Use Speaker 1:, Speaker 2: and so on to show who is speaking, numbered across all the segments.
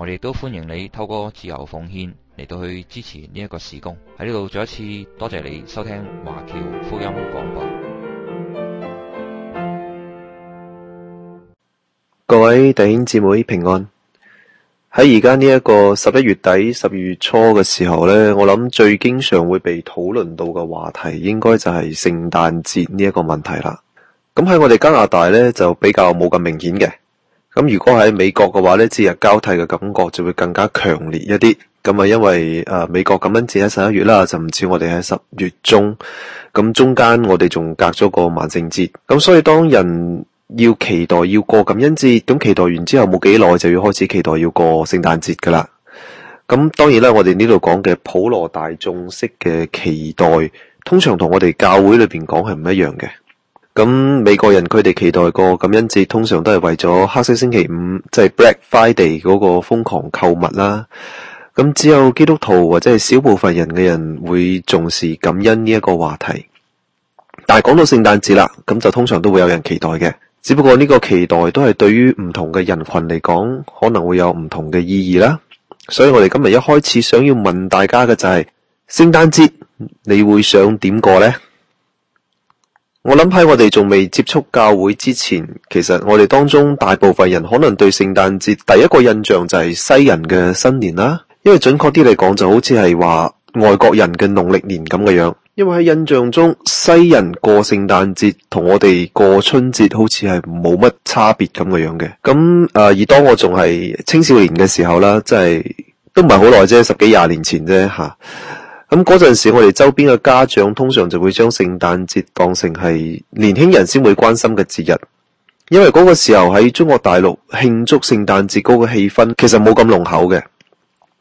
Speaker 1: 我哋都歡迎你透過自由奉獻嚟到去支持呢一個事工。喺呢度再一次多謝你收聽華僑福音廣播。各位弟兄姊妹平安。喺而家呢一個十一月底、十二月初嘅時候呢，我諗最經常會被討論到嘅話題，應該就係聖誕節呢一個問題啦。咁喺我哋加拿大呢，就比較冇咁明顯嘅。咁如果喺美國嘅話呢，節日交替嘅感覺就會更加強烈一啲。咁啊，因為誒美國感恩節喺十一月啦，就唔似我哋喺十月中。咁中間我哋仲隔咗個萬聖節。咁所以當人要期待要過感恩節，咁期待完之後冇幾耐就要開始期待要過聖誕節噶啦。咁當然啦，我哋呢度講嘅普羅大眾式嘅期待，通常同我哋教會裏邊講係唔一樣嘅。咁美國人佢哋期待過，感恩節通常都係為咗黑色星期五，即係 Black Friday 嗰個瘋狂購物啦。咁只有基督徒或者係小部分人嘅人會重視感恩呢一個話題。但係講到聖誕節啦，咁就通常都會有人期待嘅，只不過呢個期待都係對於唔同嘅人群嚟講，可能會有唔同嘅意義啦。所以我哋今日一開始想要問大家嘅就係，聖誕節你會想點過呢？我諗喺我哋仲未接觸教會之前，其實我哋當中大部分人可能對聖誕節第一個印象就係西人嘅新年啦。因為準確啲嚟講，就好似係話外國人嘅農曆年咁嘅樣。因為喺印象中，西人過聖誕節同我哋過春節好似係冇乜差別咁嘅樣嘅。咁誒，而、呃、當我仲係青少年嘅時候啦，即係都唔係好耐啫，十幾廿年前啫吓。啊咁嗰陣時，我哋周邊嘅家長通常就會將聖誕節當成係年輕人先會關心嘅節日，因為嗰個時候喺中國大陸慶祝聖誕節嗰個氣氛其實冇咁濃厚嘅。誒、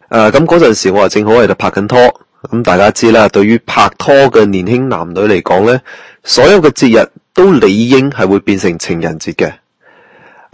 Speaker 1: 啊，咁嗰陣時我話正好喺度拍緊拖，咁大家知啦，對於拍拖嘅年輕男女嚟講呢，所有嘅節日都理應係會變成情人節嘅。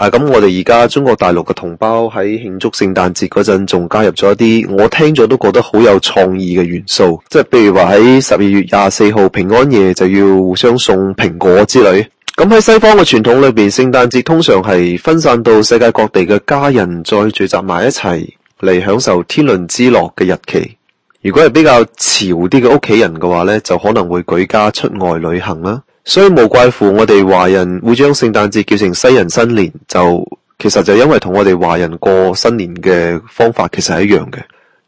Speaker 1: 嗱，咁、啊、我哋而家中國大陸嘅同胞喺慶祝聖誕節嗰陣，仲加入咗一啲我聽咗都覺得好有創意嘅元素，即係譬如話喺十二月廿四號平安夜就要互相送蘋果之類。咁喺西方嘅傳統裏邊，聖誕節通常係分散到世界各地嘅家人再聚集埋一齊嚟享受天倫之樂嘅日期。如果係比較潮啲嘅屋企人嘅話呢，就可能會舉家出外旅行啦。所以無怪乎我哋華人會將聖誕節叫成西人新年，就其實就因為同我哋華人過新年嘅方法其實係一樣嘅。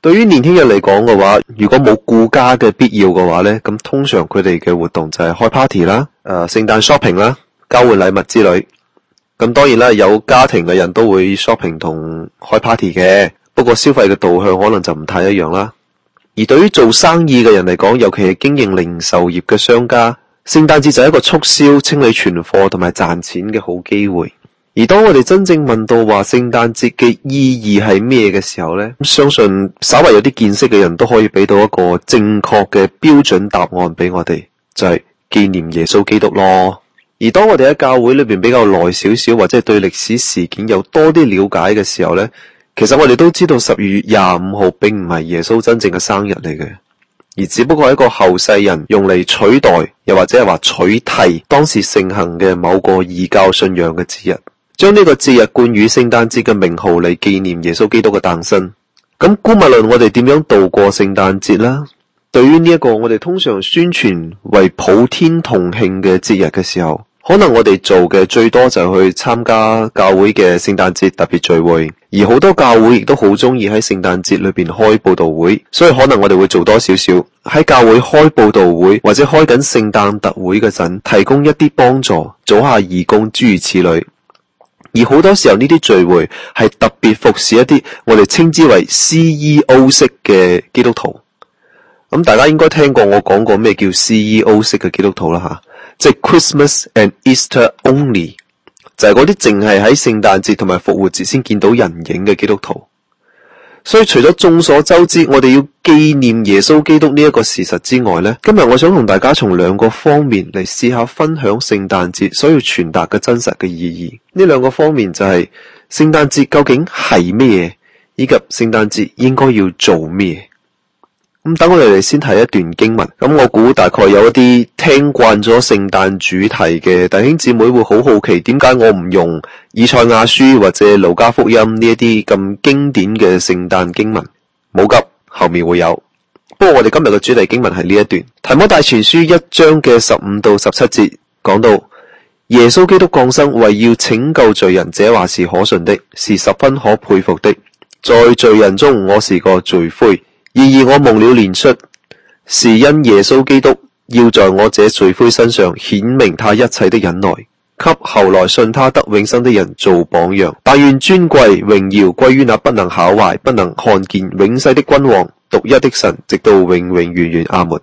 Speaker 1: 對於年輕人嚟講嘅話，如果冇顧家嘅必要嘅話呢，咁通常佢哋嘅活動就係開 party 啦，呃，誒，聖誕 shopping 啦，交換禮物之類。咁當然啦，有家庭嘅人都會 shopping 同開 party 嘅，不過消費嘅導向可能就唔太一樣啦。而對於做生意嘅人嚟講，尤其係經營零售業嘅商家。聖誕節就係一個促銷、清理存貨同埋賺錢嘅好機會。而當我哋真正問到話聖誕節嘅意義係咩嘅時候呢，相信稍微有啲見識嘅人都可以俾到一個正確嘅標準答案俾我哋，就係紀念耶穌基督咯。而當我哋喺教會裏邊比較耐少少，或者係對歷史事件有多啲了解嘅時候呢，其實我哋都知道十二月廿五號並唔係耶穌真正嘅生日嚟嘅。而只不過係一個後世人用嚟取代，又或者係話取替當時盛行嘅某個異教信仰嘅節日，將呢個節日冠以聖誕節嘅名號嚟紀念耶穌基督嘅誕生。咁姑勿論我哋點樣度過聖誕節啦，對於呢、這、一個我哋通常宣傳為普天同慶嘅節日嘅時候，可能我哋做嘅最多就去參加教會嘅聖誕節特別聚會。而好多教會亦都好鍾意喺聖誕節裏邊開佈道會，所以可能我哋會做多少少喺教會開佈道會或者開緊聖誕特會嗰陣，提供一啲幫助、做下義工諸如此類。而好多時候呢啲聚會係特別服侍一啲我哋稱之為 CEO 式嘅基督徒。咁、嗯、大家應該聽過我講過咩叫 CEO 式嘅基督徒啦吓、啊，即係 Christmas and Easter only。就係嗰啲淨係喺聖誕節同埋復活節先見到人影嘅基督徒，所以除咗眾所周知我哋要紀念耶穌基督呢一個事實之外呢，今日我想同大家從兩個方面嚟試下分享聖誕節所要傳達嘅真實嘅意義。呢兩個方面就係：聖誕節究竟係咩，以及聖誕節應該要做咩？咁、嗯、等我哋嚟先睇一段經文，咁、嗯、我估大概有一啲聽慣咗聖誕主題嘅弟兄姊妹會好好奇，點解我唔用以賽亞書或者路加福音呢一啲咁經典嘅聖誕經文？冇急，後面會有。不過我哋今日嘅主題經文係呢一段，提摩太前書一章嘅十五到十七節講到，耶穌基督降生為要拯救罪人，這話是可信的，是十分可佩服的。在罪人中，我是個罪魁。然而，而我蒙了憐憫，是因耶穌基督要在我這罪魁身上顯明他一切的忍耐，給後來信他得永生的人做榜樣。但願尊貴榮耀歸於那不能朽壞、不能看見、永世的君王、獨一的神，直到永永遠遠。阿門。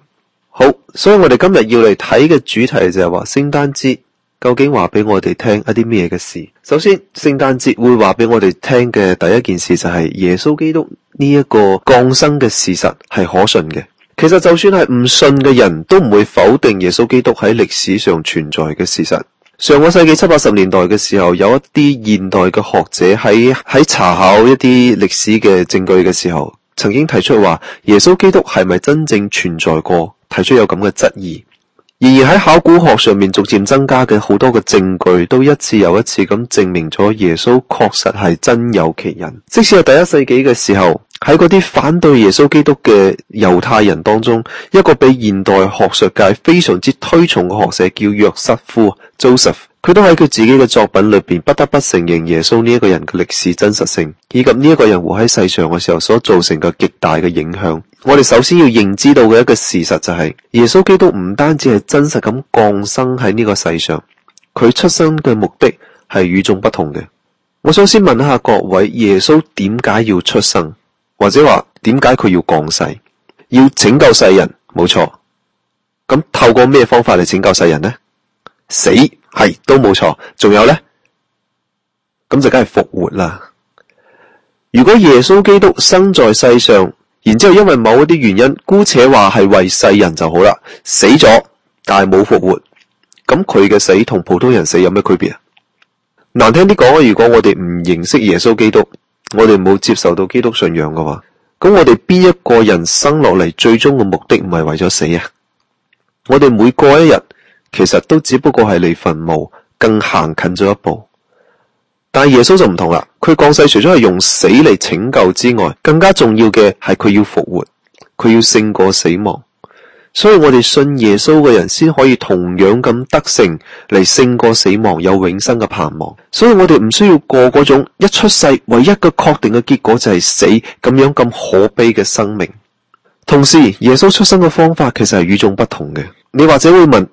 Speaker 1: 好，所以我哋今日要嚟睇嘅主題就係話聖誕節。究竟話俾我哋聽一啲咩嘅事？首先，聖誕節會話俾我哋聽嘅第一件事就係耶穌基督呢一個降生嘅事實係可信嘅。其實就算係唔信嘅人都唔會否定耶穌基督喺歷史上存在嘅事實。上個世紀七八十年代嘅時候，有一啲現代嘅學者喺喺查考一啲歷史嘅證據嘅時候，曾經提出話耶穌基督係咪真正存在過？提出有咁嘅質疑。而喺考古學上面逐漸增加嘅好多嘅證據，都一次又一次咁證明咗耶穌確實係真有其人。即使係第一世紀嘅時候，喺嗰啲反對耶穌基督嘅猶太人當中，一個被現代學術界非常之推崇嘅學者叫約瑟夫 （Joseph）。佢都喺佢自己嘅作品裏邊不得不承認耶穌呢一個人嘅歷史真實性，以及呢一個人活喺世上嘅時候所造成嘅極大嘅影響。我哋首先要認知到嘅一個事實就係耶穌基督唔單止係真實咁降生喺呢個世上，佢出生嘅目的係與眾不同嘅。我想先問一下各位，耶穌點解要出生，或者話點解佢要降世，要拯救世人？冇錯。咁透過咩方法嚟拯救世人呢？死。係都冇錯，仲有呢，咁就梗係復活啦。如果耶穌基督生在世上，然之後因為某一啲原因，姑且話係為世人就好啦，死咗但係冇復活，咁佢嘅死同普通人死有咩區別啊？難聽啲講，如果我哋唔認識耶穌基督，我哋冇接受到基督信仰嘅話，咁我哋邊一個人生落嚟最終嘅目的唔係為咗死啊？我哋每過一日。其實都只不過係離墳墓更行近咗一步，但耶穌就唔同啦。佢降世除咗係用死嚟拯救之外，更加重要嘅係佢要復活，佢要勝過死亡。所以我哋信耶穌嘅人先可以同樣咁得勝，嚟勝過死亡，有永生嘅盼望。所以我哋唔需要過嗰種一出世唯一嘅確定嘅結果就係死，咁樣咁可悲嘅生命。同時，耶穌出生嘅方法其實係與眾不同嘅。你或者會問：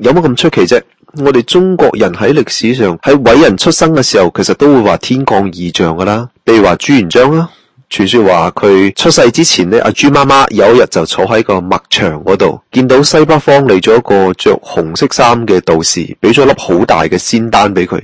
Speaker 1: 有乜咁出奇啫？我哋中國人喺歷史上喺偉人出生嘅時候，其實都會話天降異象噶啦。譬如話朱元璋啦，傳說話佢出世之前咧，阿、啊、朱媽媽有一日就坐喺個麥場嗰度，見到西北方嚟咗一個着紅色衫嘅道士，俾咗粒好大嘅仙丹俾佢，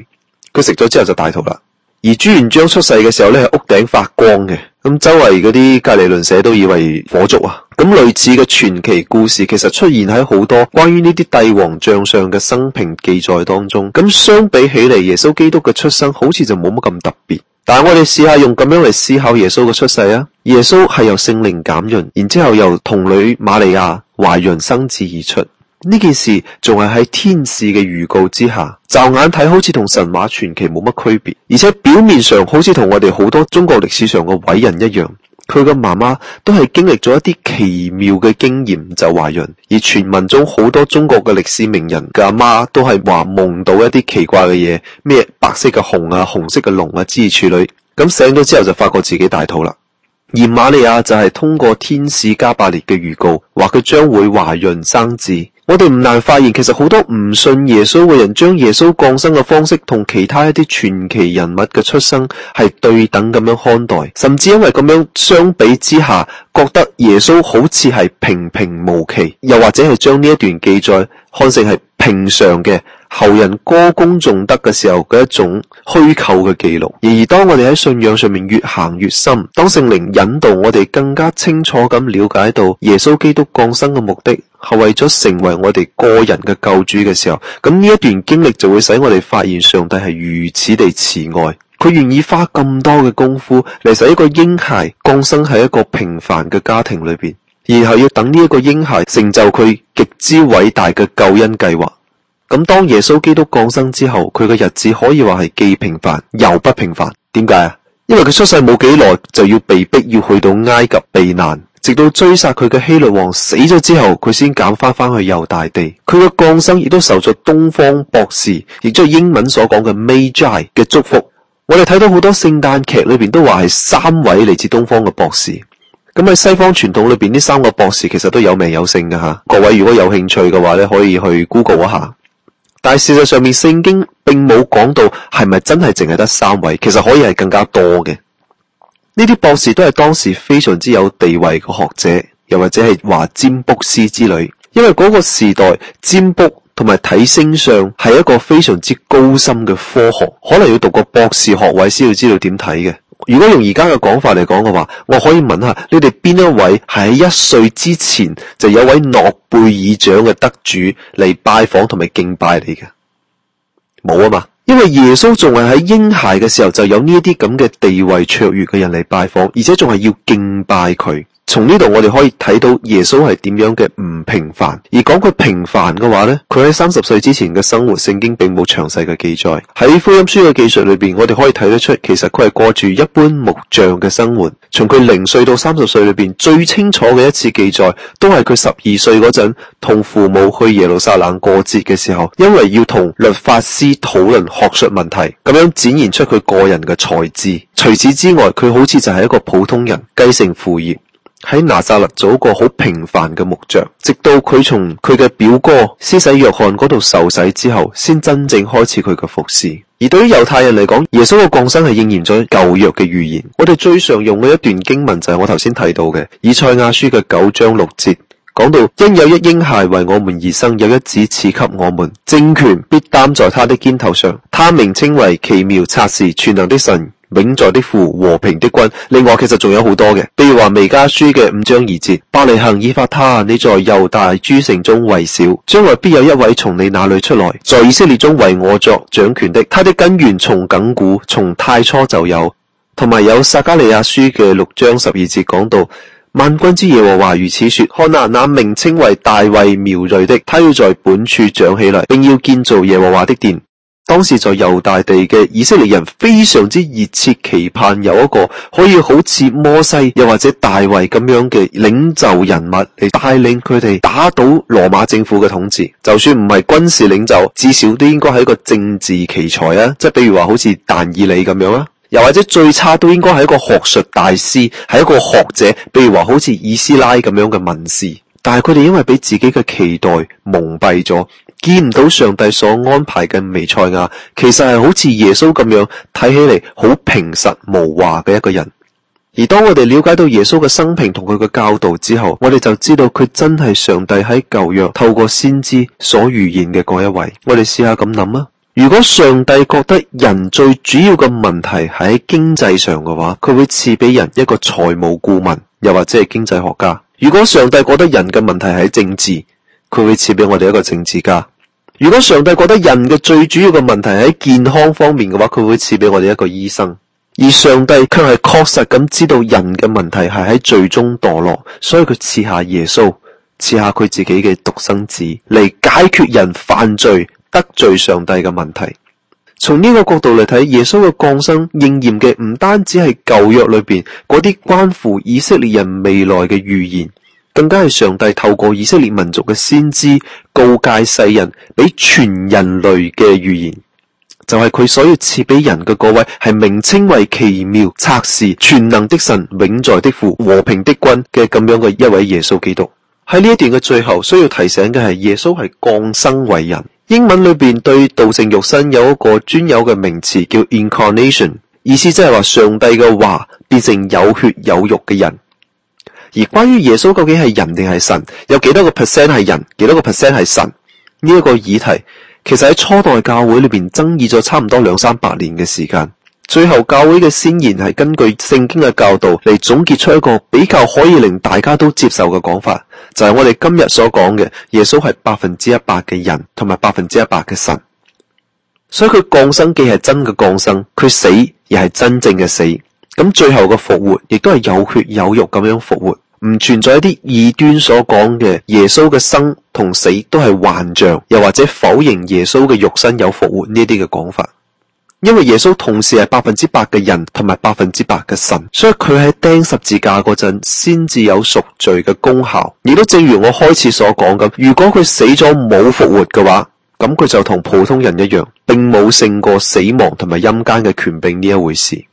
Speaker 1: 佢食咗之後就大肚啦。而朱元璋出世嘅時候咧，屋頂發光嘅，咁周圍嗰啲隔離鄰舍都以為火燭啊。咁類似嘅傳奇故事，其實出現喺好多關於呢啲帝王將相嘅生平記載當中。咁相比起嚟，耶穌基督嘅出生好似就冇乜咁特別。但係我哋試下用咁樣嚟思考耶穌嘅出世啊！耶穌係由聖靈感孕，然之後由童女瑪利亞懷孕生子而出。呢件事仲係喺天使嘅預告之下，驟眼睇好似同神話傳奇冇乜區別，而且表面上好似同我哋好多中國歷史上嘅偉人一樣。佢個媽媽都係經歷咗一啲奇妙嘅經驗就懷孕，而傳聞中好多中國嘅歷史名人嘅阿媽都係話夢到一啲奇怪嘅嘢，咩白色嘅熊啊、紅色嘅龍啊、織女，咁醒咗之後就發覺自己大肚啦。而瑪利亞就係通過天使加百列嘅預告，話佢將會懷孕生子。我哋唔難發現，其實好多唔信耶穌嘅人，將耶穌降生嘅方式同其他一啲傳奇人物嘅出生係對等咁樣看待，甚至因為咁樣相比之下，覺得耶穌好似係平平無奇，又或者係將呢一段記載看成係平常嘅。後人歌功頌德嘅時候嘅一種虛構嘅記錄，而當我哋喺信仰上面越行越深，當聖靈引導我哋更加清楚咁了解到耶穌基督降生嘅目的係為咗成為我哋個人嘅救主嘅時候，咁呢一段經歷就會使我哋發現上帝係如此地慈愛，佢願意花咁多嘅功夫嚟使一個嬰孩降生喺一個平凡嘅家庭裏邊，然後要等呢一個嬰孩成就佢極之偉大嘅救恩計劃。咁當耶穌基督降生之後，佢嘅日子可以話係既平凡又不平凡。點解啊？因為佢出世冇幾耐就要被逼要去到埃及避難，直到追殺佢嘅希律王死咗之後，佢先減翻翻去猶大地。佢嘅降生亦都受咗東方博士，亦即係英文所講嘅 Magi 嘅祝福。我哋睇到好多聖誕劇裏邊都話係三位嚟自東方嘅博士。咁喺西方傳統裏邊，呢三個博士其實都有名有姓嘅吓。各位如果有興趣嘅話咧，可以去 Google 一下。但事實上面，聖經並冇講到係咪真係淨係得三位，其實可以係更加多嘅。呢啲博士都係當時非常之有地位嘅學者，又或者係話佔卜師之類。因為嗰個時代佔卜同埋睇星相係一個非常之高深嘅科學，可能要讀個博士學位先要知道點睇嘅。如果用而家嘅講法嚟講嘅話，我可以問下你哋邊一位係喺一歲之前就有位諾貝爾獎嘅得主嚟拜訪同埋敬拜你嘅？冇啊嘛，因為耶穌仲係喺嬰孩嘅時候就有呢一啲咁嘅地位卓越嘅人嚟拜訪，而且仲係要敬拜佢。從呢度，我哋可以睇到耶穌係點樣嘅唔平凡。而講佢平凡嘅話呢，佢喺三十歲之前嘅生活，聖經並冇詳細嘅記載。喺福音書嘅記述裏邊，我哋可以睇得出，其實佢係過住一般木匠嘅生活。從佢零歲到三十歲裏邊，最清楚嘅一次記載都係佢十二歲嗰陣，同父母去耶路撒冷過節嘅時候，因為要同律法師討論學術問題，咁樣展現出佢個人嘅才智。除此之外，佢好似就係一個普通人，繼承父業。喺拿撒勒做一個好平凡嘅木匠，直到佢從佢嘅表哥施洗約翰嗰度受洗之後，先真正開始佢嘅服侍。而對於猶太人嚟講，耶穌嘅降生係應驗咗舊約嘅預言。我哋最常用嘅一段經文就係我頭先睇到嘅以賽亞書嘅九章六節，講到因有一嬰孩為我們而生，有一子賜給我們，政權必擔在他的肩頭上，他名稱為奇妙、策士、全能的神永在的父，和平的君。另外，其實仲有好多嘅，比如話彌迦書嘅五章二節，伯利恆以法他，你在猶大諸城中為小，將來必有一位從你那裏出來，在以色列中為我作掌權的，他的根源從亙古，從太初就有。同埋有撒迦利亞書嘅六章十二節講到，萬軍之耶和華如此說：看哪，那名稱為大衛苗裔的，他要在本處長起來，並要建造耶和華的殿。當時在猶大地嘅以色列人非常之熱切期盼，有一個可以好似摩西又或者大衛咁樣嘅領袖人物嚟帶領佢哋打倒羅馬政府嘅統治。就算唔係軍事領袖，至少都應該係一個政治奇才啊！即係比如話好似但以理咁樣啊，又或者最差都應該係一個學術大師，係一個學者。比如話好似以斯拉咁樣嘅文士，但係佢哋因為俾自己嘅期待蒙蔽咗。見唔到上帝所安排嘅彌賽亞，其實係好似耶穌咁樣，睇起嚟好平實無華嘅一個人。而當我哋了解到耶穌嘅生平同佢嘅教導之後，我哋就知道佢真係上帝喺舊約透過先知所預言嘅嗰一位。我哋試下咁諗啊，如果上帝覺得人最主要嘅問題係喺經濟上嘅話，佢會賜俾人一個財務顧問，又或者係經濟學家；如果上帝覺得人嘅問題係喺政治，佢會賜俾我哋一個政治家。如果上帝覺得人嘅最主要嘅問題係喺健康方面嘅話，佢會賜俾我哋一個醫生；而上帝卻係確實咁知道人嘅問題係喺罪中墮落，所以佢賜下耶穌，賜下佢自己嘅獨生子嚟，解決人犯罪得罪上帝嘅問題。從呢個角度嚟睇，耶穌嘅降生應驗嘅唔單止係舊約裏邊嗰啲關乎以色列人未來嘅預言。更加係上帝透過以色列民族嘅先知告誡世人，俾全人類嘅預言，就係、是、佢所要賜俾人嘅嗰位，係名稱為奇妙、策士、全能的神、永在的父、和平的君嘅咁樣嘅一位耶穌基督。喺呢一段嘅最後，需要提醒嘅係耶穌係降生為人。英文裏邊對道成肉身有一個專有嘅名詞叫 incarnation，意思即係話上帝嘅話變成有血有肉嘅人。而關於耶穌究竟係人定係神，有幾多個 percent 係人，幾多個 percent 係神呢一個議題，其實喺初代教會裏邊爭議咗差唔多兩三百年嘅時間。最後教會嘅先賢係根據聖經嘅教導嚟總結出一個比較可以令大家都接受嘅講法，就係我哋今日所講嘅耶穌係百分之一百嘅人，同埋百分之一百嘅神。所以佢降生既係真嘅降生，佢死亦係真正嘅死。咁最後嘅復活亦都係有血有肉咁樣復活。唔存在一啲異端所講嘅耶穌嘅生同死都係幻象，又或者否認耶穌嘅肉身有復活呢啲嘅講法。因為耶穌同時係百分之百嘅人同埋百分之百嘅神，所以佢喺釘十字架嗰陣先至有贖罪嘅功效。亦都正如我開始所講咁，如果佢死咗冇復活嘅話，咁佢就同普通人一樣，並冇勝過死亡同埋陰間嘅權柄呢一回事。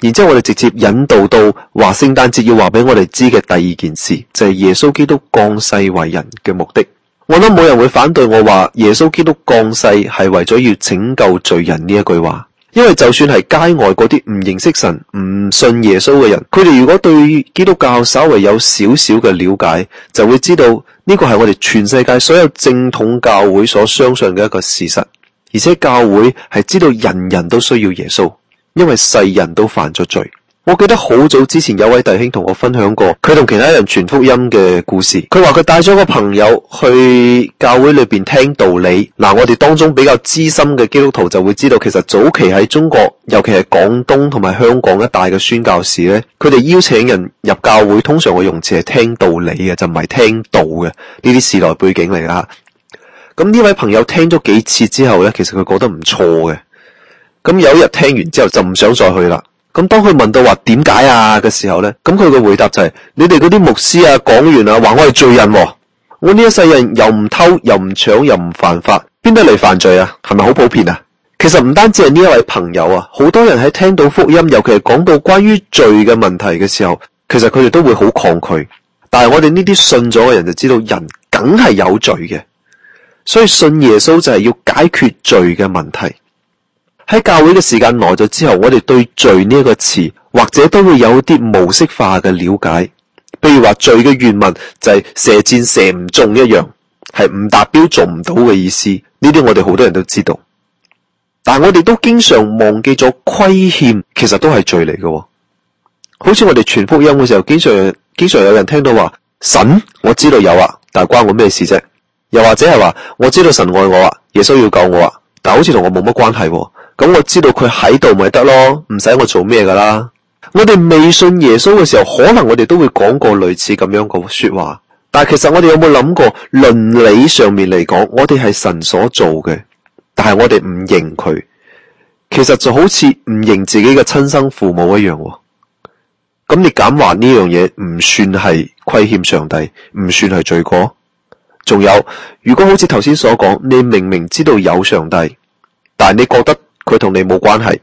Speaker 1: 然之後我哋直接引導到話聖誕節要話俾我哋知嘅第二件事，就係、是、耶穌基督降世為人嘅目的。我諗冇人會反對我話耶穌基督降世係為咗要拯救罪人呢一句話，因為就算係街外嗰啲唔認識神、唔信耶穌嘅人，佢哋如果對基督教稍微有少少嘅了解，就會知道呢、這個係我哋全世界所有正統教會所相信嘅一個事實，而且教會係知道人人都需要耶穌。因為世人都犯咗罪，我記得好早之前有位弟兄同我分享過佢同其他人傳福音嘅故事。佢話佢帶咗個朋友去教會裏邊聽道理。嗱，我哋當中比較資深嘅基督徒就會知道，其實早期喺中國，尤其係廣東同埋香港一帶嘅宣教士咧，佢哋邀請人入教會，通常嘅用詞係聽道理嘅，就唔係聽道嘅。呢啲時代背景嚟啦，咁呢位朋友聽咗幾次之後咧，其實佢覺得唔錯嘅。咁有一日聽完之後就唔想再去啦。咁當佢問到話點解啊嘅時候呢，咁佢嘅回答就係：你哋嗰啲牧師啊講完啊，話我係罪人、哦，我呢一世人又唔偷又唔搶又唔犯法，邊得嚟犯罪啊？係咪好普遍啊？其實唔單止係呢一位朋友啊，好多人喺聽到福音，尤其係講到關於罪嘅問題嘅時候，其實佢哋都會好抗拒。但係我哋呢啲信咗嘅人就知道，人梗係有罪嘅，所以信耶穌就係要解決罪嘅問題。喺教會嘅時間耐咗之後，我哋對罪呢一個詞或者都會有啲模式化嘅了解，譬如話罪嘅原文就係射箭射唔中一樣，係唔達標做唔到嘅意思。呢啲我哋好多人都知道，但係我哋都經常忘記咗虧欠，其實都係罪嚟嘅，哦。好似我哋傳福音嘅時候，經常經常有人聽到話神，我知道有啊，但係關我咩事啫？又或者係話我知道神愛我啊，耶穌要救我啊，但係好似同我冇乜關係，哦。咁我知道佢喺度，咪得咯，唔使我做咩㗎啦。我哋未信耶穌嘅時候，可能我哋都會講過類似咁樣個說話。但係其實我哋有冇諗過倫理上面嚟講，我哋係神所做嘅，但係我哋唔認佢，其實就好似唔認自己嘅親生父母一樣。咁你敢話呢樣嘢唔算係虧欠上帝，唔算係罪過？仲有，如果好似頭先所講，你明明知道有上帝，但係你覺得？佢同你冇關係，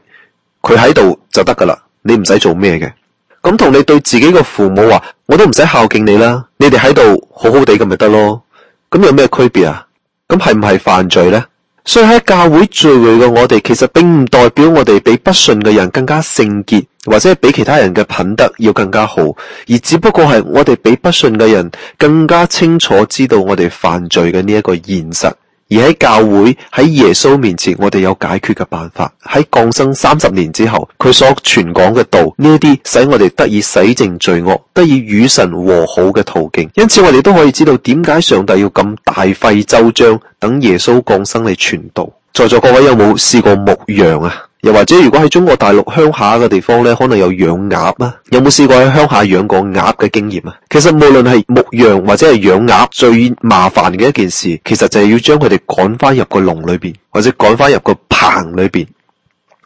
Speaker 1: 佢喺度就得噶啦，你唔使做咩嘅。咁同你對自己嘅父母話，我都唔使孝敬你啦，你哋喺度好好哋咁咪得咯。咁有咩區別啊？咁係唔係犯罪咧？所以喺教會聚會嘅我哋，其實並唔代表我哋比不信嘅人更加聖潔，或者係比其他人嘅品德要更加好，而只不過係我哋比不信嘅人更加清楚知道我哋犯罪嘅呢一個現實。而喺教會喺耶穌面前，我哋有解決嘅辦法。喺降生三十年之後，佢所傳講嘅道，呢一啲使我哋得以洗淨罪惡，得以與神和好嘅途徑。因此，我哋都可以知道點解上帝要咁大費周章，等耶穌降生嚟傳道。在座各位有冇試過牧羊啊？又或者，如果喺中國大陸鄉下嘅地方咧，可能有養鴨啊。有冇試過喺鄉下養過鴨嘅經驗啊？其實無論係牧羊或者係養鴨，最麻煩嘅一件事，其實就係要將佢哋趕翻入個籠裏邊，或者趕翻入個棚裏邊。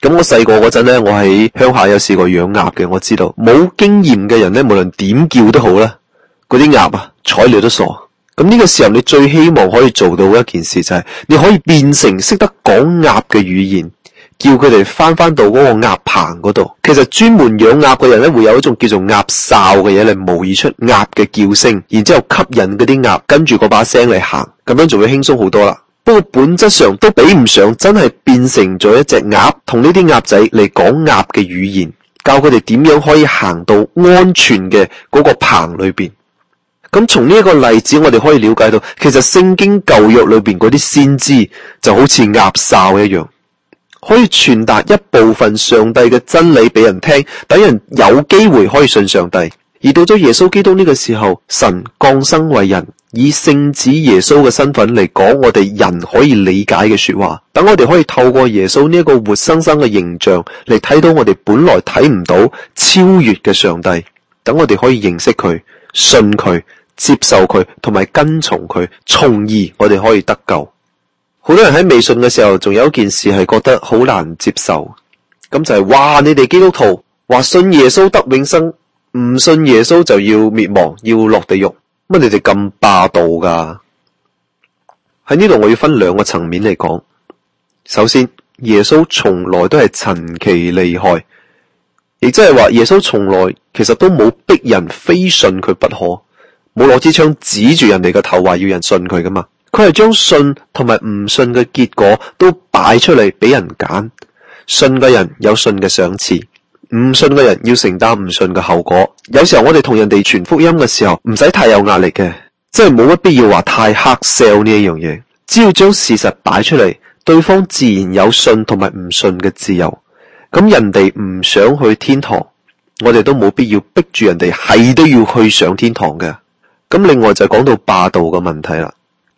Speaker 1: 咁我細個嗰陣咧，我喺鄉下有試過養鴨嘅。我知道冇經驗嘅人咧，無論點叫都好啦，嗰啲鴨啊睬你都傻。咁呢個時候，你最希望可以做到一件事，就是，就係你可以變成識得講鴨嘅語言。叫佢哋翻翻到嗰個鴨棚嗰度，其實專門養鴨嘅人咧，會有一種叫做鴨哨嘅嘢，嚟模擬出鴨嘅叫聲，然之後吸引嗰啲鴨跟住嗰把聲嚟行，咁樣就會輕鬆好多啦。不過本質上都比唔上真係變成咗一隻鴨，同呢啲鴨仔嚟講鴨嘅語言，教佢哋點樣可以行到安全嘅嗰個棚裏邊。咁從呢一個例子，我哋可以了解到，其實聖經舊約裏邊嗰啲先知就好似鴨哨一樣。可以傳達一部分上帝嘅真理俾人聽，等人有機會可以信上帝。而到咗耶穌基督呢個時候，神降生為人，以聖子耶穌嘅身份嚟講我哋人可以理解嘅說話，等我哋可以透過耶穌呢一個活生生嘅形象嚟睇到我哋本來睇唔到超越嘅上帝，等我哋可以認識佢、信佢、接受佢，同埋跟從佢，從而我哋可以得救。好多人喺未信嘅時候，仲有一件事係覺得好難接受，咁就係、是、哇，你哋基督徒話信耶穌得永生，唔信耶穌就要滅亡，要落地獄，乜你哋咁霸道噶？喺呢度我要分兩個層面嚟講，首先耶穌從來都係陳其利害，亦即係話耶穌從來其實都冇逼人非信佢不可，冇攞支槍指住人哋個頭話要人信佢噶嘛。佢係將信同埋唔信嘅結果都擺出嚟俾人揀，信嘅人有信嘅賞賜，唔信嘅人要承擔唔信嘅後果。有時候我哋同人哋傳福音嘅時候，唔使太有壓力嘅，即係冇乜必要話太黑 sell 呢一樣嘢。只要將事實擺出嚟，對方自然有信同埋唔信嘅自由。咁人哋唔想去天堂，我哋都冇必要逼住人哋係都要去上天堂嘅。咁另外就講到霸道嘅問題啦。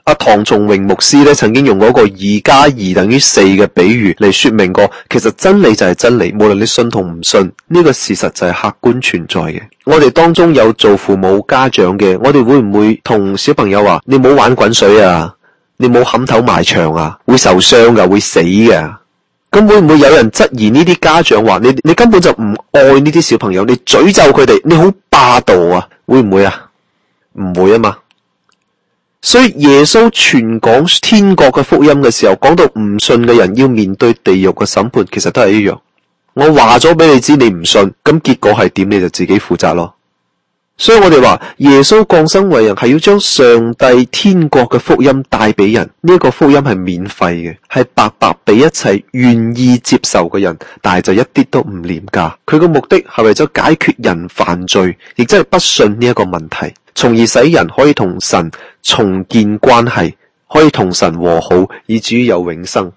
Speaker 1: 阿唐崇榮牧師咧，曾經用嗰個二加二等於四嘅比喻嚟說明過，其實真理就係真理，無論你信同唔信，呢個事實就係客觀存在嘅。我哋當中有做父母家長嘅，我哋會唔會同小朋友話：你冇玩滾水啊，你冇冚頭埋牆啊，會受傷噶、啊，會死嘅、啊。咁會唔會有人質疑呢啲家長話：你你根本就唔愛呢啲小朋友，你詛咒佢哋，你好霸道啊？會唔會啊？唔會啊嘛。所以耶穌傳講天國嘅福音嘅時候，講到唔信嘅人要面對地獄嘅審判，其實都係一樣。我話咗俾你知，你唔信，咁結果係點，你就自己負責咯。所以我哋話耶穌降生為人，係要將上帝天國嘅福音帶俾人，呢一個福音係免費嘅，係白白俾一切願意接受嘅人，但係就一啲都唔廉價。佢個目的係為咗解決人犯罪，亦即係不信呢一個問題。從而使人可以同神重建關係，可以同神和好，以至於有永生。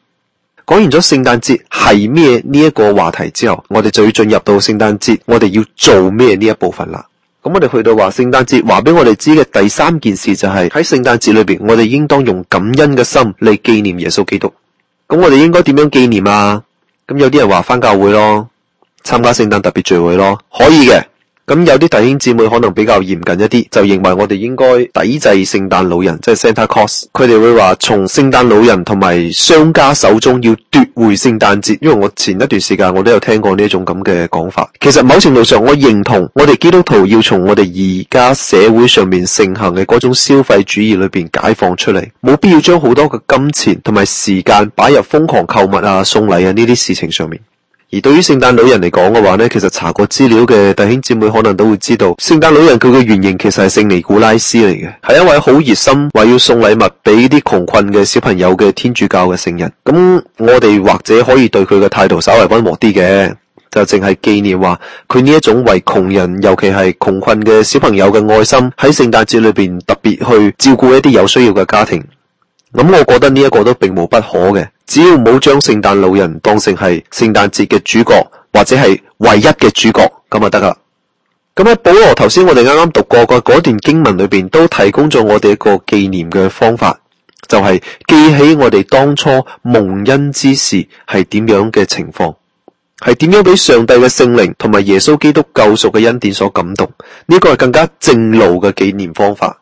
Speaker 1: 講完咗聖誕節係咩呢一個話題之後，我哋就要進入到聖誕節，我哋要做咩呢一部分啦？咁我哋去到話聖誕節，話俾我哋知嘅第三件事就係喺聖誕節裏邊，我哋應當用感恩嘅心嚟紀念耶穌基督。咁我哋應該點樣紀念啊？咁有啲人話翻教會咯，參加聖誕特別聚會咯，可以嘅。咁有啲弟兄姊妹可能比較嚴謹一啲，就認為我哋應該抵制聖誕老人，即係 Santa Claus。佢哋會話從聖誕老人同埋商家手中要奪回聖誕節。因為我前一段時間我都有聽過呢一種咁嘅講法。其實某程度上，我認同我哋基督徒要從我哋而家社會上面盛行嘅嗰種消費主義裏邊解放出嚟，冇必要將好多嘅金錢同埋時間擺入瘋狂購物啊、送禮啊呢啲事情上面。而對於聖誕老人嚟講嘅話呢，其實查過資料嘅弟兄姊妹可能都會知道，聖誕老人佢嘅原型其實係聖尼古拉斯嚟嘅，係一位好熱心，話要送禮物俾啲窮困嘅小朋友嘅天主教嘅聖人。咁我哋或者可以對佢嘅態度稍微溫和啲嘅，就淨係紀念話佢呢一種為窮人，尤其係窮困嘅小朋友嘅愛心，喺聖誕節裏邊特別去照顧一啲有需要嘅家庭。咁我覺得呢一個都並無不可嘅。只要冇將聖誕老人當成係聖誕節嘅主角，或者係唯一嘅主角，咁就得啦。咁喺保羅頭先，我哋啱啱讀過嘅嗰段經文裏邊，都提供咗我哋一個紀念嘅方法，就係記起我哋當初蒙恩之時係點樣嘅情況，係點樣俾上帝嘅聖靈同埋耶穌基督救贖嘅恩典所感動。呢個係更加正路嘅紀念方法。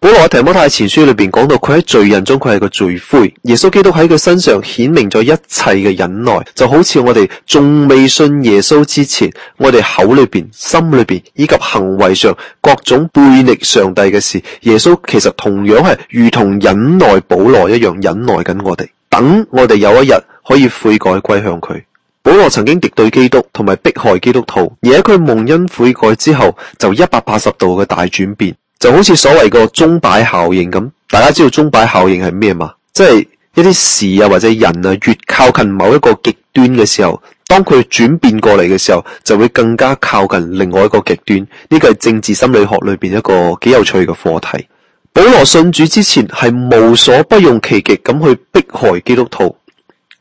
Speaker 1: 保羅喺提摩太前書裏邊講到，佢喺罪人中佢係個罪魁，耶穌基督喺佢身上顯明咗一切嘅忍耐，就好似我哋仲未信耶穌之前，我哋口裏邊、心裏邊以及行為上各種背逆上帝嘅事，耶穌其實同樣係如同忍耐保羅一樣忍耐緊我哋，等我哋有一日可以悔改歸向佢。保羅曾經敵對基督同埋迫害基督徒，而喺佢蒙恩悔改之後，就一百八十度嘅大轉變。就好似所謂個鐘擺效應咁，大家知道鐘擺效應係咩嘛？即係一啲事啊，或者人啊，越靠近某一個極端嘅時候，當佢轉變過嚟嘅時候，就會更加靠近另外一個極端。呢個係政治心理學裏邊一個幾有趣嘅課題。保羅信主之前係無所不用其極咁去迫害基督徒，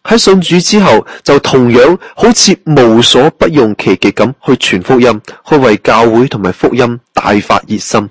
Speaker 1: 喺信主之後就同樣好似無所不用其極咁去傳福音，去為教會同埋福音大發熱心。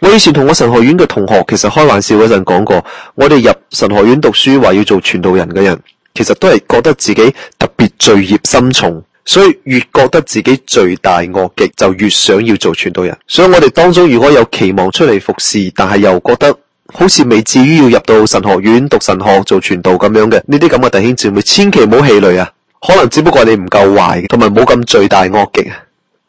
Speaker 1: 我以前同我神學院嘅同學，其實開玩笑嗰陣講過，我哋入神學院讀書，話要做傳道人嘅人，其實都係覺得自己特別罪孽深重，所以越覺得自己罪大惡極，就越想要做傳道人。所以我哋當中如果有期望出嚟服侍，但係又覺得好似未至於要入到神學院讀神學做傳道咁樣嘅，呢啲咁嘅弟兄姊妹，千祈唔好氣餒啊！可能只不過係你唔夠壞，同埋冇咁罪大惡極。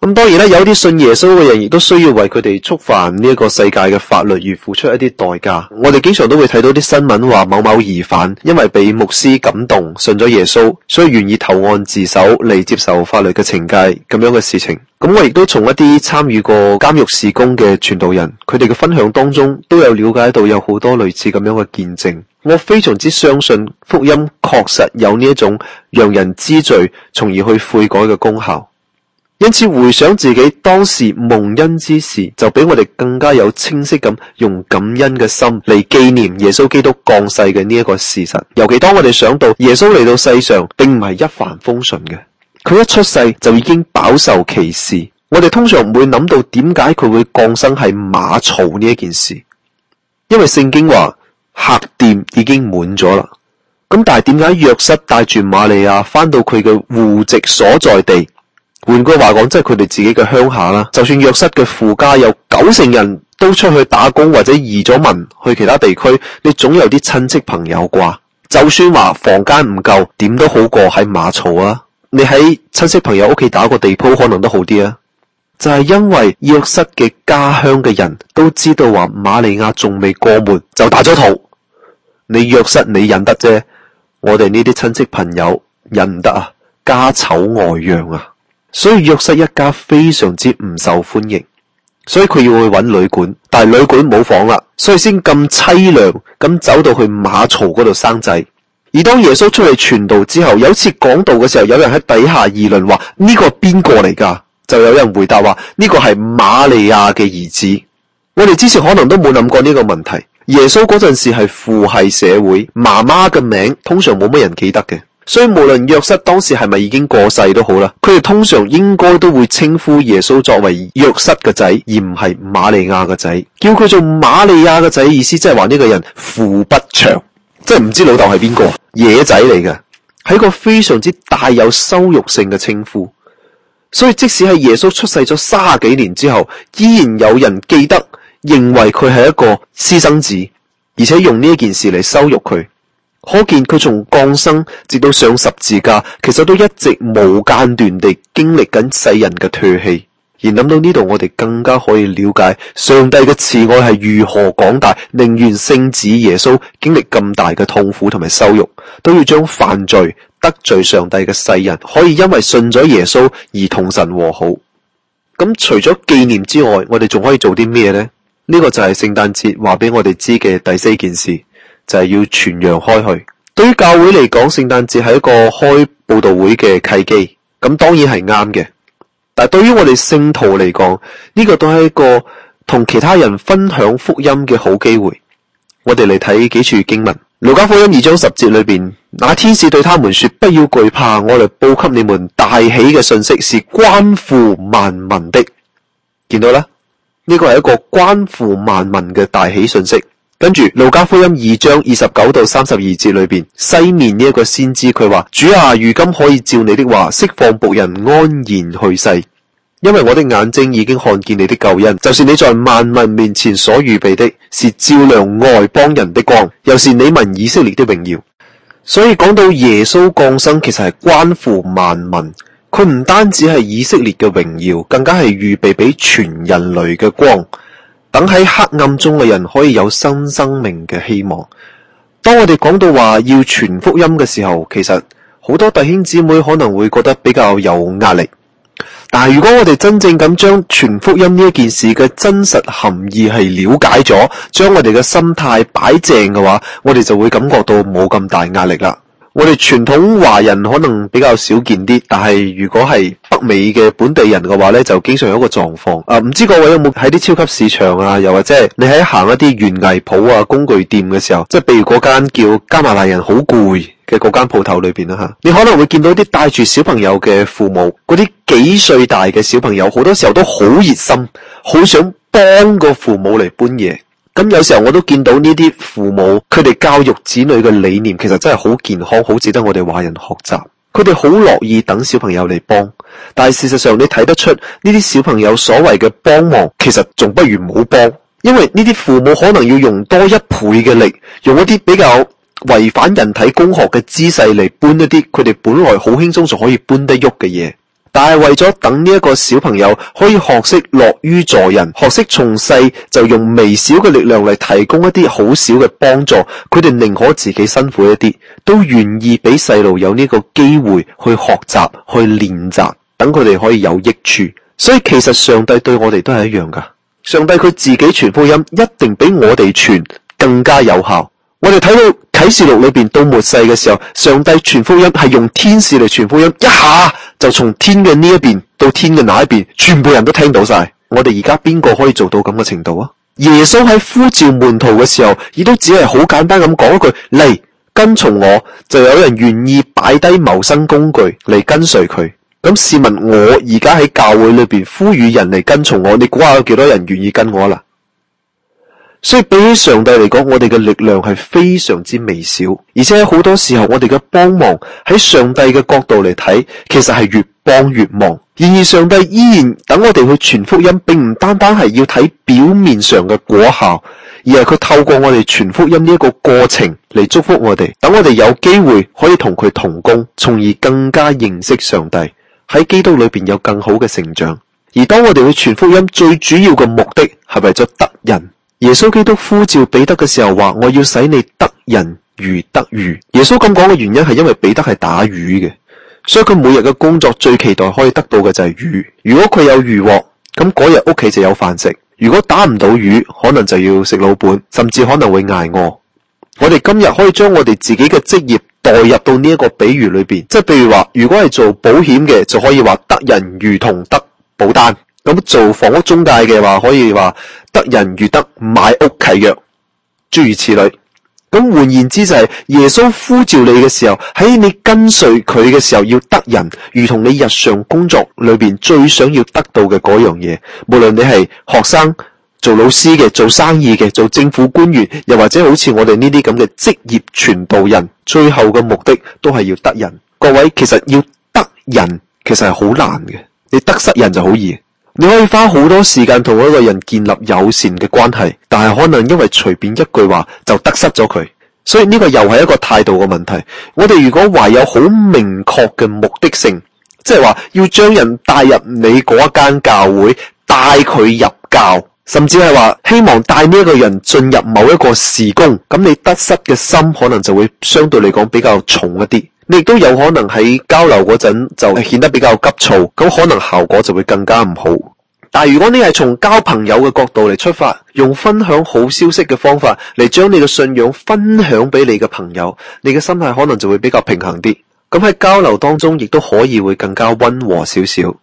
Speaker 1: 咁當然啦，有啲信耶穌嘅人亦都需要為佢哋觸犯呢一個世界嘅法律而付出一啲代價。我哋經常都會睇到啲新聞話，某某疑犯因為被牧師感動信咗耶穌，所以願意投案自首嚟接受法律嘅懲戒，咁樣嘅事情。咁、嗯、我亦都從一啲參與過監獄事工嘅傳道人，佢哋嘅分享當中，都有了解到有好多類似咁樣嘅見證。我非常之相信福音確實有呢一種讓人知罪，從而去悔改嘅功效。因此回想自己當時蒙恩之時，就比我哋更加有清晰咁用感恩嘅心嚟紀念耶穌基督降世嘅呢一個事實。尤其當我哋想到耶穌嚟到世上，並唔係一帆風順嘅，佢一出世就已經飽受歧視。我哋通常唔會諗到點解佢會降生喺馬槽呢一件事，因為聖經話客店已經滿咗啦。咁但係點解約瑟帶住瑪利亞翻到佢嘅戶籍所在地？換句話講，即係佢哋自己嘅鄉下啦。就算約瑟嘅父家有九成人都出去打工或者移咗民去其他地區，你總有啲親戚朋友啩。就算話房間唔夠，點都好過喺馬槽啊。你喺親戚朋友屋企打個地鋪，可能都好啲啊。就係因為約瑟嘅家鄉嘅人都知道話，瑪利亞仲未過門就大咗肚，你約瑟，你忍得啫，我哋呢啲親戚朋友忍唔得啊，家醜外揚啊。所以約瑟一家非常之唔受歡迎，所以佢要去揾旅館，但係旅館冇房啦，所以先咁凄涼咁走到去馬槽嗰度生仔。而當耶穌出嚟傳道之後，有次講道嘅時候，有人喺底下議論話呢個邊個嚟噶？就有人回答話呢個係瑪利亞嘅兒子。我哋之前可能都冇諗過呢個問題。耶穌嗰陣時係父系社會，媽媽嘅名通常冇乜人記得嘅。所以無論約瑟當時係咪已經過世都好啦，佢哋通常應該都會稱呼耶穌作為約瑟嘅仔，而唔係瑪利亞嘅仔，叫佢做瑪利亞嘅仔，意思即係話呢個人父不詳，即係唔知老豆係邊個，野仔嚟嘅，係一個非常之帶有羞辱性嘅稱呼。所以即使係耶穌出世咗三十幾年之後，依然有人記得認為佢係一個私生子，而且用呢件事嚟羞辱佢。可見佢從降生直到上十字架，其實都一直無間斷地經歷緊世人嘅唾棄。而諗到呢度，我哋更加可以了解上帝嘅慈愛係如何廣大，寧願聖子耶穌經歷咁大嘅痛苦同埋羞辱，都要將犯罪得罪上帝嘅世人，可以因為信咗耶穌而同神和好。咁除咗紀念之外，我哋仲可以做啲咩呢？呢、呢個就係聖誕節話俾我哋知嘅第四件事。就係要傳揚開去。對於教會嚟講，聖誕節係一個開報道會嘅契機，咁當然係啱嘅。但係對於我哋聖徒嚟講，呢、這個都係一個同其他人分享福音嘅好機會。我哋嚟睇幾處經文，《路加福音》二章十節裏邊，那、啊、天使對他們說：不要懼怕，我嚟報給你們大喜嘅信息，是關乎萬民的。見到啦，呢、這個係一個關乎萬民嘅大喜信息。跟住《路加福音》二章二十九到三十二節裏邊，西面呢一個先知佢話：主啊，如今可以照你的話，釋放僕人安然去世，因為我的眼睛已經看見你的救恩，就是你在萬民面前所預備的，是照亮外邦人的光，又是你民以色列的榮耀。所以講到耶穌降生，其實係關乎萬民，佢唔單止係以色列嘅榮耀，更加係預備俾全人類嘅光。等喺黑暗中嘅人可以有新生命嘅希望。當我哋講到話要傳福音嘅時候，其實好多弟兄姊妹可能會覺得比較有壓力。但係如果我哋真正咁將傳福音呢一件事嘅真實含義係了解咗，將我哋嘅心態擺正嘅話，我哋就會感覺到冇咁大壓力啦。我哋傳統華人可能比較少見啲，但係如果係北美嘅本地人嘅話咧，就經常有一個狀況。誒、啊，唔知各位有冇喺啲超級市場啊，又或者你喺行一啲園藝鋪啊、工具店嘅時候，即係譬如嗰間叫加拿大人好攰嘅嗰間鋪頭裏邊啦吓，你可能會見到啲帶住小朋友嘅父母，嗰啲幾歲大嘅小朋友，好多時候都好熱心，好想幫個父母嚟搬嘢。咁有時候我都見到呢啲父母，佢哋教育子女嘅理念其實真係好健康，好值得我哋華人學習。佢哋好樂意等小朋友嚟幫，但係事實上你睇得出呢啲小朋友所謂嘅幫忙，其實仲不如唔好幫，因為呢啲父母可能要用多一倍嘅力，用一啲比較違反人體工學嘅姿勢嚟搬一啲佢哋本來好輕鬆就可以搬得喐嘅嘢。但係為咗等呢一個小朋友可以學識樂於助人，學識從細就用微小嘅力量嚟提供一啲好少嘅幫助，佢哋寧可自己辛苦一啲，都願意俾細路有呢個機會去學習、去練習，等佢哋可以有益處。所以其實上帝對我哋都係一樣㗎。上帝佢自己傳福音一定比我哋傳更加有效。我哋睇到啟示錄裏邊到末世嘅時候，上帝傳福音係用天使嚟傳福音一下。就從天嘅呢一邊到天嘅那一邊，全部人都聽到晒。我哋而家邊個可以做到咁嘅程度啊？耶穌喺呼召門徒嘅時候，亦都只係好簡單咁講一句：嚟跟從我，就有人願意擺低謀生工具嚟跟隨佢。咁試問，我而家喺教會裏邊呼籲人嚟跟從我，你估下有幾多人願意跟我啦？所以，比起上帝嚟講，我哋嘅力量係非常之微小，而且好多時候，我哋嘅幫忙喺上帝嘅角度嚟睇，其實係越幫越忙。然而，上帝依然等我哋去傳福音，並唔單單係要睇表面上嘅果效，而係佢透過我哋傳福音呢一個過程嚟祝福我哋。等我哋有機會可以同佢同工，從而更加認識上帝，喺基督裏邊有更好嘅成長。而當我哋去傳福音，最主要嘅目的係為咗得人。耶穌基督呼召彼得嘅時候話：我要使你得人如得魚。耶穌咁講嘅原因係因為彼得係打魚嘅，所以佢每日嘅工作最期待可以得到嘅就係魚。如果佢有魚獲，咁嗰日屋企就有飯食；如果打唔到魚，可能就要食老本，甚至可能會捱餓。我哋今日可以將我哋自己嘅職業代入到呢一個比喻裏面，即係譬如話，如果係做保險嘅，就可以話得人如同得保單。咁做房屋中介嘅話，可以話得人如得買屋契約，諸如此類。咁換言之就係耶穌呼召你嘅時候，喺你跟隨佢嘅時候，要得人，如同你日常工作裏邊最想要得到嘅嗰樣嘢。無論你係學生、做老師嘅，做生意嘅，做政府官員，又或者好似我哋呢啲咁嘅職業傳道人，最後嘅目的都係要得人。各位其實要得人，其實係好難嘅，你得失人就好易。你可以花好多時間同一個人建立友善嘅關係，但係可能因為隨便一句話就得失咗佢，所以呢個又係一個態度嘅問題。我哋如果懷有好明確嘅目的性，即係話要將人帶入你嗰一間教會，帶佢入教。甚至係話希望帶呢一個人進入某一個事工，咁你得失嘅心可能就會相對嚟講比較重一啲，你亦都有可能喺交流嗰陣就顯得比較急躁，咁可能效果就會更加唔好。但如果你係從交朋友嘅角度嚟出發，用分享好消息嘅方法嚟將你嘅信仰分享俾你嘅朋友，你嘅心態可能就會比較平衡啲，咁喺交流當中亦都可以會更加溫和少少。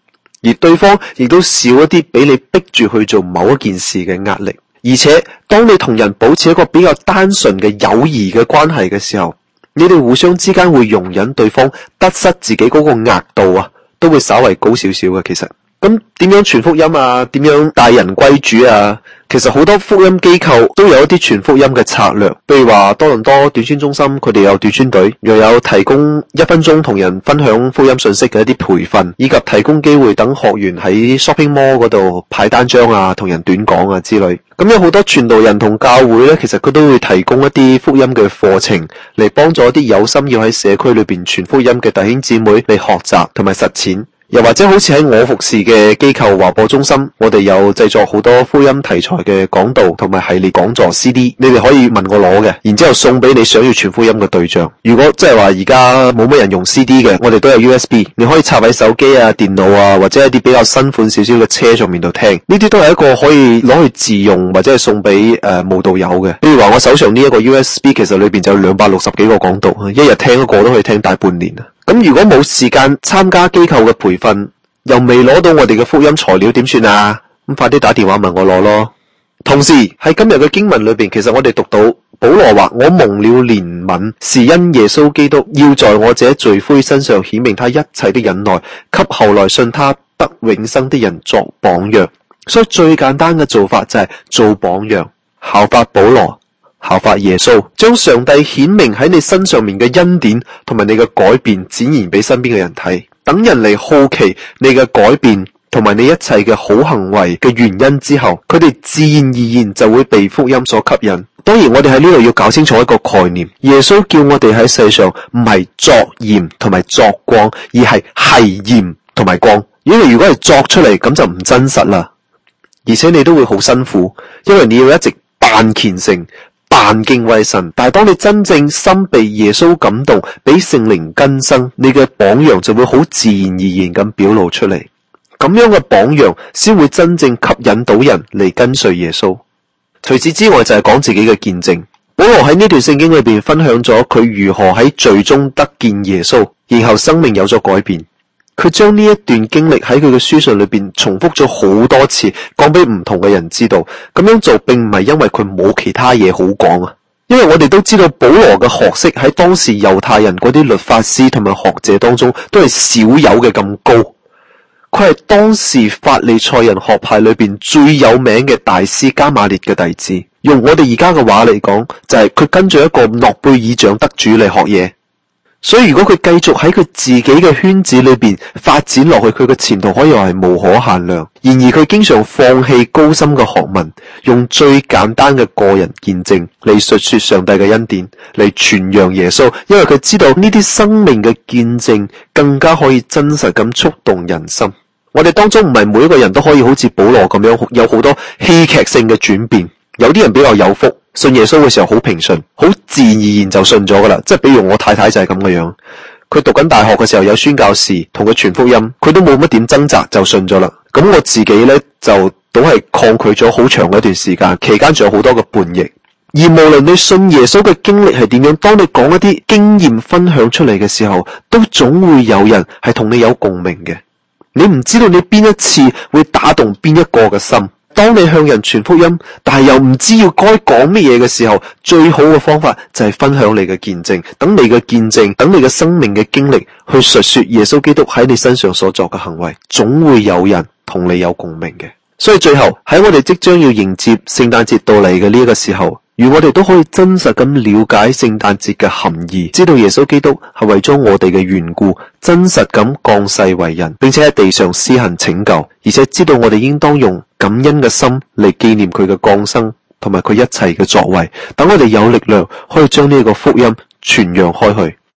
Speaker 1: 而對方亦都少一啲俾你逼住去做某一件事嘅壓力，而且當你同人保持一個比較單純嘅友誼嘅關係嘅時候，你哋互相之間會容忍對方得失自己嗰個額度啊，都會稍為高少少嘅。其實。咁點樣傳福音啊？點樣帶人歸主啊？其實好多福音機構都有一啲傳福音嘅策略，譬如話多倫多短宣中心，佢哋有短宣隊，又有提供一分鐘同人分享福音信息嘅一啲培訓，以及提供機會等學員喺 shopping mall 嗰度派單張啊，同人短講啊之類。咁有好多傳道人同教會咧，其實佢都會提供一啲福音嘅課程，嚟幫助一啲有心要喺社區裏邊傳福音嘅弟兄姊妹嚟學習同埋實踐。又或者好似喺我服侍嘅機構華播中心，我哋有製作好多福音題材嘅講道同埋系列講座 CD，你哋可以問我攞嘅，然之後送俾你想要傳福音嘅對象。如果即係話而家冇乜人用 CD 嘅，我哋都有 USB，你可以插喺手機啊、電腦啊或者一啲比較新款少少嘅車上面度聽。呢啲都係一個可以攞去自用或者係送俾誒慕道友嘅。譬如話我手上呢一個 USB，其實裏邊就有兩百六十幾個講道，一日聽一個都可以聽大半年。咁如果冇時間參加機構嘅培訓，又未攞到我哋嘅福音材料，點算啊？咁快啲打電話問我攞咯。同時喺今日嘅經文裏邊，其實我哋讀到保羅話：我蒙了憐憫，是因耶穌基督要在我這罪魁身上顯明他一切的忍耐，給後來信他得永生的人作榜樣。所以最簡單嘅做法就係做榜樣，效法保羅。效法耶穌，將上帝顯明喺你身上面嘅恩典，同埋你嘅改變展現俾身邊嘅人睇，等人嚟好奇你嘅改變，同埋你一切嘅好行為嘅原因之後，佢哋自然而然就會被福音所吸引。當然，我哋喺呢度要搞清楚一個概念，耶穌叫我哋喺世上唔係作鹽同埋作光，而係係鹽同埋光。因為如果係作出嚟咁就唔真實啦，而且你都會好辛苦，因為你要一直扮虔誠。扮敬為神，但係當你真正心被耶穌感動，俾聖靈更新，你嘅榜樣就會好自然而然咁表露出嚟。咁樣嘅榜樣先會真正吸引到人嚟跟隨耶穌。除此之外，就係講自己嘅見證。保羅喺呢段聖經裏邊分享咗佢如何喺罪中得見耶穌，然後生命有咗改變。佢將呢一段經歷喺佢嘅書信裏邊重複咗好多次，講俾唔同嘅人知道。咁樣做並唔係因為佢冇其他嘢好講啊，因為我哋都知道保羅嘅學識喺當時猶太人嗰啲律法師同埋學者當中都係少有嘅咁高。佢係當時法利賽人學派裏邊最有名嘅大師加馬列嘅弟子。用我哋而家嘅話嚟講，就係佢跟住一個諾貝爾獎得主嚟學嘢。所以如果佢繼續喺佢自己嘅圈子裏邊發展落去，佢嘅前途可以話係無可限量。然而佢經常放棄高深嘅學問，用最簡單嘅個人見證嚟述說上帝嘅恩典，嚟傳揚耶穌，因為佢知道呢啲生命嘅見證更加可以真實咁觸動人心。我哋當中唔係每一個人都可以好似保羅咁樣，有好多戲劇性嘅轉變。有啲人比較有福，信耶穌嘅時候好平順，好自然而然就信咗噶啦。即係比如我太太就係咁嘅樣，佢讀緊大學嘅時候有宣教士同佢傳福音，佢都冇乜點掙扎就信咗啦。咁我自己呢，就都係抗拒咗好長一段時間，期間仲有好多個叛逆。而無論你信耶穌嘅經歷係點樣，當你講一啲經驗分享出嚟嘅時候，都總會有人係同你有共鳴嘅。你唔知道你邊一次會打動邊一個嘅心。當你向人傳福音，但係又唔知要該講乜嘢嘅時候，最好嘅方法就係分享你嘅見證，等你嘅見證，等你嘅生命嘅經歷去述說耶穌基督喺你身上所作嘅行為，總會有人同你有共鳴嘅。所以最後喺我哋即將要迎接聖誕節到嚟嘅呢一個時候，如我哋都可以真實咁了解聖誕節嘅含義，知道耶穌基督係為咗我哋嘅緣故，真實咁降世為人，並且喺地上施行拯救，而且知道我哋應當用感恩嘅心嚟紀念佢嘅降生同埋佢一切嘅作為，等我哋有力量可以將呢個福音傳揚開去。